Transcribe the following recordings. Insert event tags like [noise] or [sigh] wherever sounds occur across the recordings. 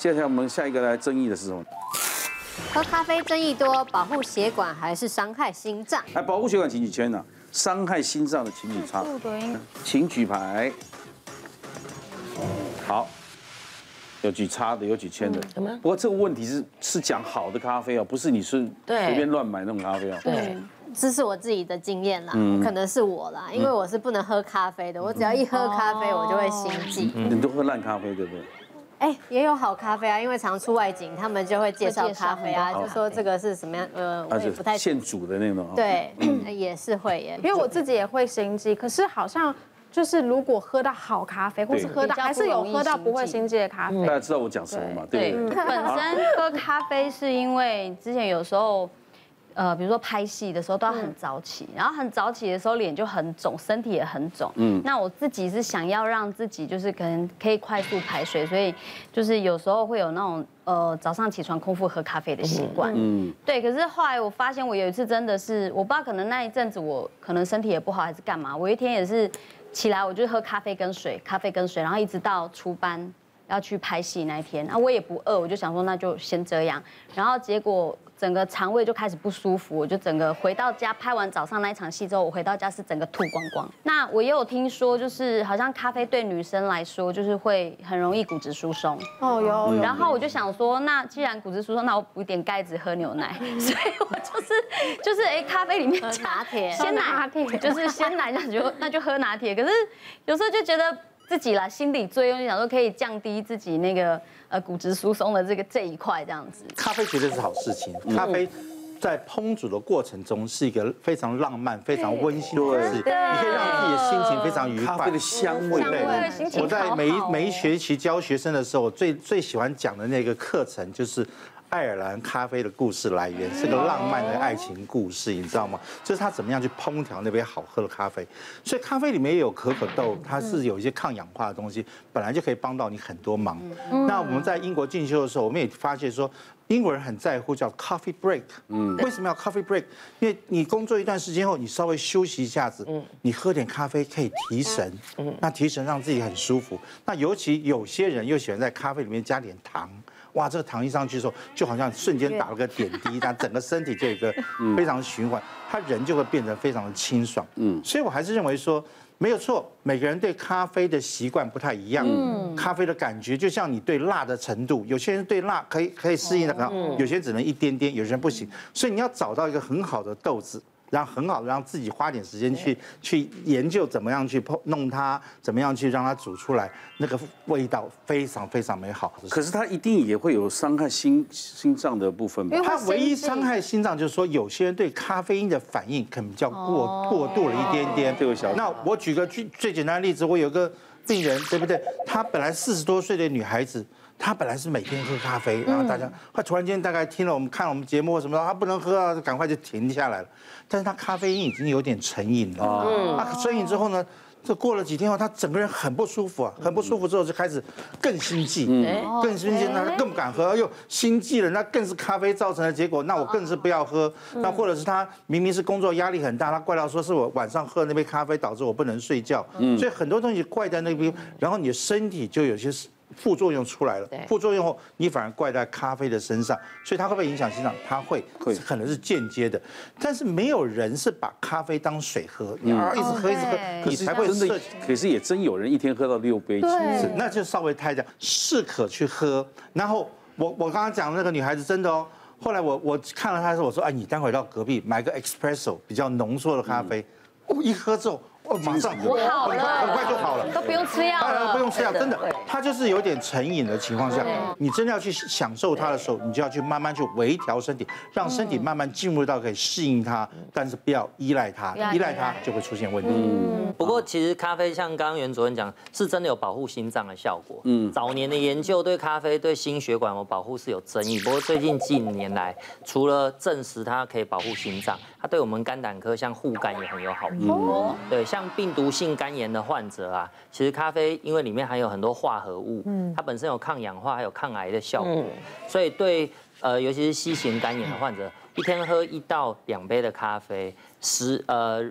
接下來我們下一個來爭議的是什麼？喝咖啡爭議多，保護血管還是傷害心臟？哎，保護血管，請舉圈的、啊；傷害心臟的，請舉叉。請舉牌。好，有舉叉的，有舉圈的、嗯。不過這個問題是是講好的咖啡哦，不是你順隨便亂買那種咖啡哦。對，這是我自己的經驗啦，嗯、可能是我啦，因為我是不能喝咖啡的，嗯、我只要一喝咖啡，哦、我就會心悸。你都喝爛咖啡，對不對？哎、欸，也有好咖啡啊，因為常出外景，他們就會介紹咖啡啊，就說這個是什麼樣，呃，我也不太現煮的那種，對，嗯、也是會耶，因為我自己也會心悸，可是好像就是如果喝到好咖啡，或是喝到還是有喝到不會心悸的咖啡，嗯，大家知道我講什麼嘛？對，對對對，嗯、本身 [laughs] 喝咖啡是因為之前有時候。呃，比如說拍戲的時候都要很早起、嗯，然後很早起的時候臉就很腫，身體也很腫。嗯，那我自己是想要讓自己就是可能可以快速排水，所以就是有時候會有那種呃早上起床空腹喝咖啡的習慣。嗯，對。可是後來我發現，我有一次真的是我不知道，可能那一陣子我可能身體也不好還是幹嘛，我一天也是起來我就喝咖啡跟水，咖啡跟水，然後一直到出班要去拍戲那一天，啊我也不餓，我就想說那就先這樣，然後結果。整個腸胃就開始不舒服，我就整個回到家，拍完早上那一場戲之後，我回到家是整個吐光光。那我也有聽說，就是好像咖啡對女生來說就是會很容易骨質疏鬆。哦，然後我就想說，那既然骨質疏鬆，那我補點鈣質喝牛奶。所以我就是就是哎，咖啡裡面加拿鐵，鮮奶就是鮮奶，那就那就喝拿鐵。可是有時候就覺得。自己啦，心理作用就想說可以降低自己那個呃骨質疏鬆的這個這一塊這樣子。咖啡絕對是好事情。嗯，咖啡在烹煮的過程中是一個非常浪漫，嗯、非常溫馨的事情，你可以讓自己的心情非常愉快。咖啡的香味，嗯、對，香味的心情好好，我在每一每一學期教學生的時候，我最最喜歡講的那個課程就是。愛爾蘭咖啡的故事來源是個浪漫的愛情故事，你知道嗎？就是他怎麼樣去烹調那杯好喝的咖啡。所以咖啡裡面也有可可豆，它是有一些抗氧化的東西，本來就可以幫到你很多忙。嗯、那我們在英國進修的時候，我們也發現說。英國人很在乎叫 coffee break，嗯，為什麼要 coffee break？因為你工作一段時間後，你稍微休息一下子，嗯，你喝點咖啡，可以提神，嗯，那提神讓自己很舒服。那尤其有些人又喜歡在咖啡裡面加點糖，哇，這個糖一上去的時候，就好像瞬間打了個點滴，但整個身體就有一個非常循環，他人就會變得非常的清爽。嗯，所以我還是認為說。沒有錯，每個人對咖啡的習慣不太一樣，嗯。咖啡的感覺就像你對辣的程度，有些人對辣可以可以適應得很好，有些人只能一點點，有些人不行。所以你要找到一個很好的豆子。然後很好的讓自己花點時間去去研究怎麼樣去碰弄它，怎麼樣去讓它煮出來，那個味道非常非常美好。是可是它一定也會有傷害心心臟的部分吧。它唯一傷害心臟就是說，有些人對咖啡因的反應可能比較過、Oh. 過度了一點點，我小那我舉個最最簡單的例子，我有個。病人對不對？她本來四十多歲的女孩子，她本來是每天喝咖啡，然後大家她突然間大概聽了我們看我們節目什麼，她不能喝啊，趕快就停下來了。但是她咖啡因已經有點成癮了，啊、oh.，她成癮之後呢？這過了幾天後，他整個人很不舒服啊，很不舒服之後就開始更心悸，更心悸，那更不敢喝。哎呦，心悸了，那更是咖啡造成的結果。那我更是不要喝。那或者是他明明是工作壓力很大，他怪到說是我晚上喝那杯咖啡導致我不能睡覺。所以很多東西怪在那邊，然後你的身體就有些。副作用出來了，副作用後，你反而怪在咖啡的身上，所以它會不會影響心臟？它會是，可能是間接的，但是沒有人是把咖啡當水喝，你要一直喝一直喝，嗯、直喝你才會可是也真有人一天喝到六杯次是，那就稍微太講適可去喝。然後我我剛剛講的那個女孩子真的哦，後來我我看了她的時候，我說，哎，你待會到隔壁買個 espresso 比較濃縮的咖啡，嗯、我一喝之後。哦，馬上就好，很快就好了，都不用吃藥了，不用吃藥，真的，它就是有點成癮的情況下，你真的要去享受它的時候，你就要去慢慢去微調身體，讓身體慢慢進入到可以適應它，但是不要依賴它，依賴它就會出現問題。嗯，不過其實咖啡像剛剛袁主任講，是真的有保護心臟的效果。嗯，早年的研究對咖啡對心血管有，有保護是有爭議，不過最近近年來，除了證實它可以保護心臟，它對我們肝膽科像護肝也很有好處。嗯，對，像。像病毒性肝炎的患者啊，其實咖啡因為裡面含有很多化合物，嗯，它本身有抗氧化還有抗癌的效果，嗯、所以對呃尤其是 C 型肝炎的患者，一天喝一到兩杯的咖啡，實呃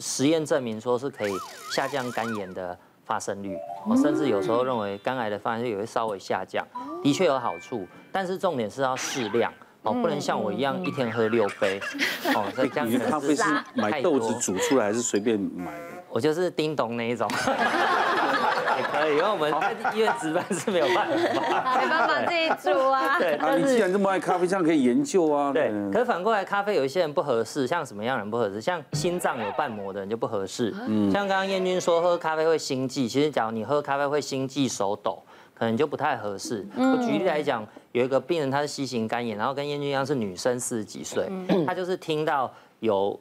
實驗證明說是可以下降肝炎的發生率，我、哦、甚至有時候認為肝癌的發生率也會稍微下降，的確有好處，但是重點是要適量。哦、oh,，不能像我一樣一天喝六杯。哦、oh, so 欸，你的咖啡是買豆子煮出來，還是隨便買的？我就是叮咚那一種。也、 [laughs] 欸、可以，因為我們在醫院值班是沒有辦法， [laughs] 沒辦法自己煮啊。啊，你既然這麼愛咖啡，這樣可以研究啊。對。對可是反過來，咖啡有一些人不合適，像什麼樣人不合適？像心臟有瓣膜的人就不合適。嗯。像剛剛彥君說喝咖啡會心悸，其實假如你喝咖啡會心悸、手抖。可能就不太合適，我舉例來講，有一個病人，他是 C 型肝炎，然後跟彥君一樣是女生，四十幾歲，她就是聽到有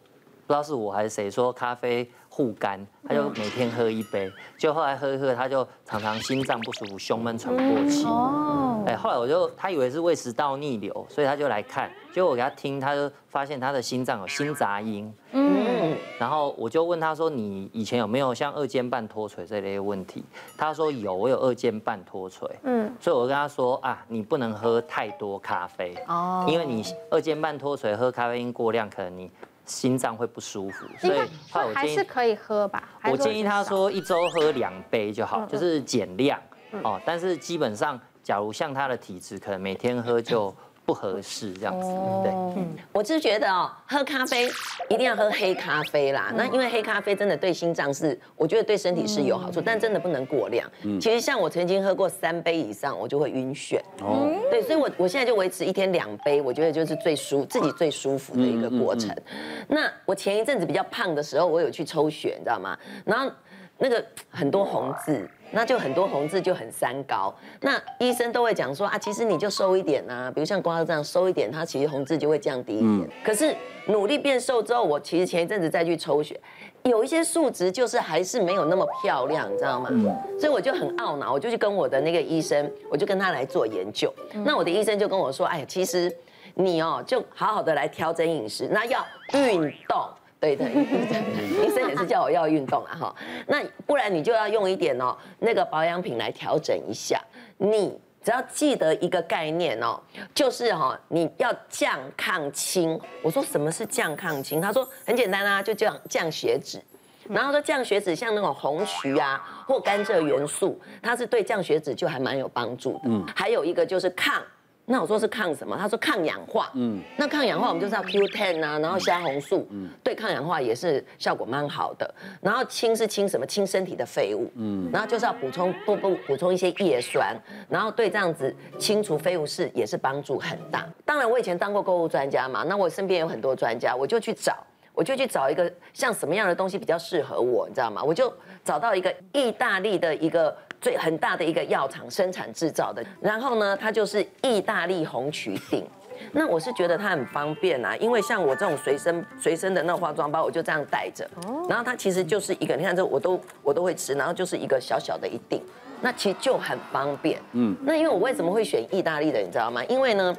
不知道是我還是誰說咖啡護肝，他就每天喝一杯，就後來喝一喝，他就常常心臟不舒服、胸悶、喘不過氣。哎、哦欸，後來我就他以為是胃食道逆流，所以他就來看，結果我給他聽，他就發現他的心臟有心雜音嗯。嗯，然後我就問他說：“你以前有沒有像二尖瓣脫垂這類問題？”他說：“有，我有二尖瓣脫垂。”嗯，所以我跟他說：“啊，你不能喝太多咖啡哦，因為你二尖瓣脫垂，喝咖啡因過量可能你。”心臟會不舒服，所以我還是可以喝吧。我建議他說一周喝兩杯就好，就是減量哦。但是基本上，假如像他的體質，可能每天喝就不合適這樣子，哦、對不、嗯、我就是覺得哦，喝咖啡一定要喝黑咖啡啦、嗯。那因為黑咖啡真的對心臟是，我覺得對身體是有好處，嗯、但真的不能過量、嗯。其實像我曾經喝過三杯以上，我就會暈眩。哦對，所以我，我我現在就維持一天兩杯，我覺得就是最舒自己最舒服的一個過程。嗯嗯嗯、那我前一陣子比較胖的時候，我有去抽血，你知道嗎？然後那個很多紅字。那就很多紅字就很三高，那醫生都會講說啊，其實你就瘦一點啊，比如像瓜哥這樣瘦一點，它其實紅字就會降低一點。嗯、可是努力變瘦之後，我其實前一陣子再去抽血，有一些數值就是還是沒有那麼漂亮，你知道嗎？嗯、所以我就很懊惱，我就去跟我的那個醫生，我就跟他來做研究。嗯、那我的醫生就跟我說，哎，其實你哦、喔，就好好的來調整飲食，那要運動。對的， [laughs] 醫生也是叫我要運動啊，哈，那不然你就要用一點哦，那個保養品來調整一下。你只要記得一個概念哦，就是哈、哦，你要降抗清。我說什麼是降抗清？他說很簡單啊，就降降血脂。然後說降血脂像那種紅麴啊或甘蔗元素，它是對降血脂就還蠻有幫助的。嗯，還有一個就是抗。那我說是抗什麼？他說抗氧化。嗯，那抗氧化我們就是要 Q10 啊，然後蝦紅素，嗯，對抗氧化也是效果蠻好的。然後清是清什麼？清身體的廢物，嗯，然後就是要補充多補補充一些葉酸，然後對這樣子清除廢物是也是幫助很大。當然我以前當過購物專家嘛，那我身邊有很多專家，我就去找，我就去找一個像什麼樣的東西比較適合我，你知道嗎？我就找到一個意大利的一個。最很大的一個藥廠生產製造的，然後呢，它就是意大利紅麴錠。那我是覺得它很方便啊，因為像我這種隨身隨身的那化妝包，我就這樣帶着。然後它其實就是一個，你看這我都我都會吃，然後就是一個小小的一錠，那其實就很方便。嗯。那因為我為什麼會選意大利的，你知道嗎？因為呢，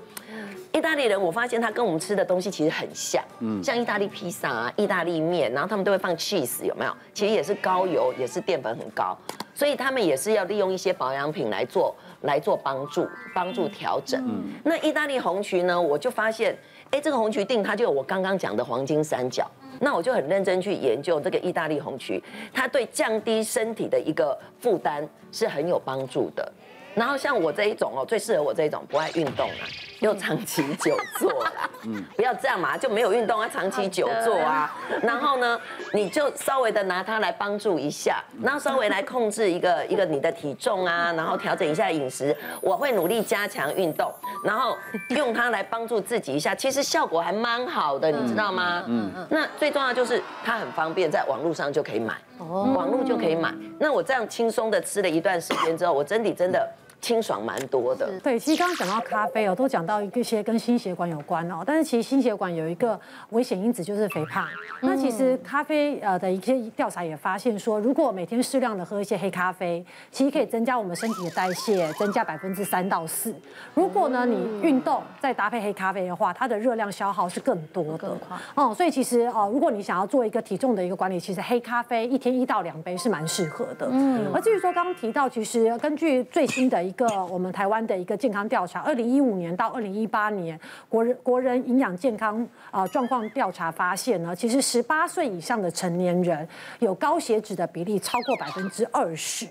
意大利人我發現他跟我們吃的東西其實很像。嗯。像意大利披薩啊、意大利麵，然後他們都會放 cheese，有沒有？其實也是高油，也是澱粉很高。所以他們也是要利用一些保養品來做，來做幫助，幫助調整。嗯。那意大利紅麴呢？我就發現，哎，這個紅麴錠它就有我剛剛講的黃金三角。那我就很認真去研究這個意大利紅麴，它對降低身體的一個負擔是很有幫助的。然後像我這一種哦，最適合我這一種不愛運動啊，又長期久坐啦。 [laughs] 嗯，不要這樣嘛，就沒有運動啊，長期久坐啊，然後呢，你就稍微的拿它來幫助一下，然後稍微來控制一個一個你的體重啊，然後調整一下飲食，我會努力加強運動，然後用它來幫助自己一下，其實效果還蠻好的，你知道嗎？嗯，那最重要就是它很方便，在網絡上就可以買，哦，網絡就可以買，那我這樣輕鬆的吃了一段時間之後，我身體真的真的。清爽蠻多的，對，其實剛剛講到咖啡哦，都講到一些跟心血管有關哦。但是其實心血管有一個危險因子就是肥胖。那其實咖啡呃的一些調查也發現說，如果每天適量的喝一些黑咖啡，其實可以增加我們身體的代謝，增加百分之三到四。如果呢你運動再搭配黑咖啡的話，它的熱量消耗是更多的。哦，所以其實哦，如果你想要做一個體重的一個管理，其實黑咖啡一天一到兩杯是蠻適合的。嗯，而至於說剛剛提到，其實根據最新的一個一個我們台灣的一個健康調查，二零一五年到二零一八年國人國人營養健康、呃、狀況調查發現呢，其實十八歲以上的成年人有高血脂的比例超過百分之二十。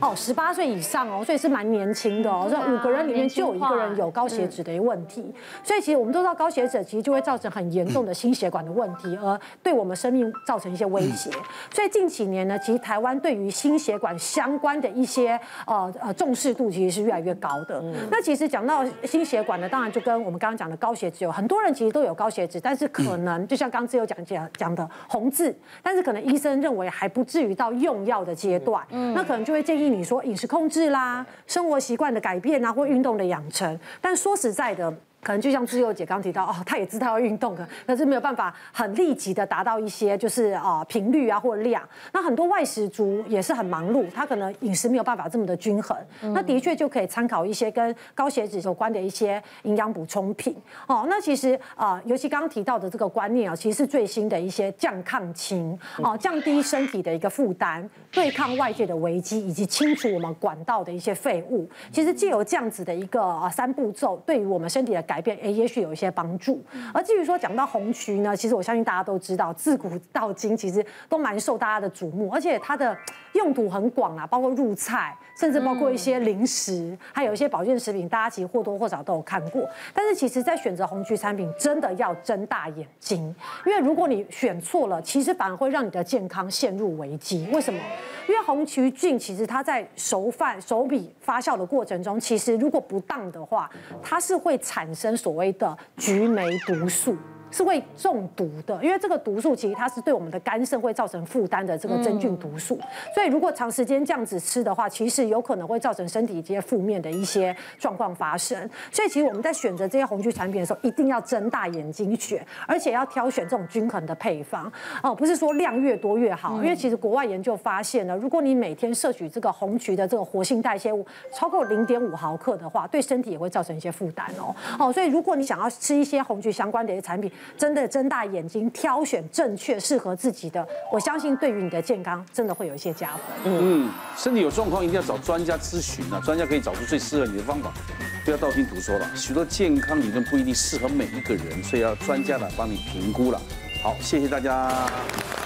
哦，十八歲以上哦，所以是蠻年輕的哦，這五個人裡面就有一個人有高血脂的一個問題。所以其實我們都知道高血脂其實就會造成很嚴重的心血管的問題，而對我們生命造成一些威脅。所以近幾年呢，其實台灣對於心血管相關的一些呃呃重視度其實。是越來越高的。那其實講到心血管呢，當然就跟我們剛剛講的高血脂有很多人其實都有高血脂，但是可能、嗯、就像剛剛姿佑講講講的紅字，但是可能醫生認為還不至於到用藥的階段、嗯，那可能就會建議你說飲食控制啦、生活習慣的改變啊，或運動的養成。但說實在的。可能就像姿佑姐剛剛提到，哦，她也知道要運動，可可是沒有辦法很立即的達到一些就是啊、哦、頻率啊或量。那很多外食族也是很忙碌，他可能飲食沒有辦法這麼的均衡、嗯。那的確就可以參考一些跟高血脂有關的一些營養補充品。哦，那其實啊、呃，尤其剛剛提到的這個觀念啊，其實是最新的一些降抗清，哦，降低身體的一個負擔，對抗外界的危機，以及清除我們管道的一些廢物。其實藉由這樣子的一個、啊、三步驟，對於我們身體的改。改變誒也許有一些幫助、嗯。而至於說講到紅麴呢，其實我相信大家都知道，自古到今其實都蠻受大家的矚目，而且它的。用途很廣啊，包括入菜，甚至包括一些零食，嗯，還有一些保健食品，大家其實或多或少都有看過。但是其實在選擇紅麴產品，真的要睜大眼睛，因為如果你選錯了，其實反而會讓你的健康陷入危機。為什麼？因為紅麴菌其實它在熟飯、熟米發酵的過程中，其實如果不當的話，它是會產生所謂的橘黴毒素。是會中毒的，因為這個毒素其實它是對我們的肝腎會造成負擔的。這個真菌毒素。嗯，所以如果長時間這樣子吃的話，其實有可能會造成身體一些負面的一些狀況發生。所以其實我們在選擇這些紅曲產品的時候，一定要睜大眼睛選，而且要挑選這種均衡的配方哦，不是說量越多越好。嗯，因為其實國外研究發現了，如果你每天攝取這個紅曲的這個活性代謝物超過零點五毫克的話，對身體也會造成一些負擔哦。嗯，哦，所以如果你想要吃一些紅曲相關的一些產品，真的睜大眼睛挑選正確適合自己的，我相信對於你的健康真的會有一些加分。嗯，身體有狀況一定要找專家諮詢啊，專家可以找出最適合你的方法，不要道聽途說了，許多健康理論不一定適合每一個人，所以要專家來幫你評估了。好，謝謝大家。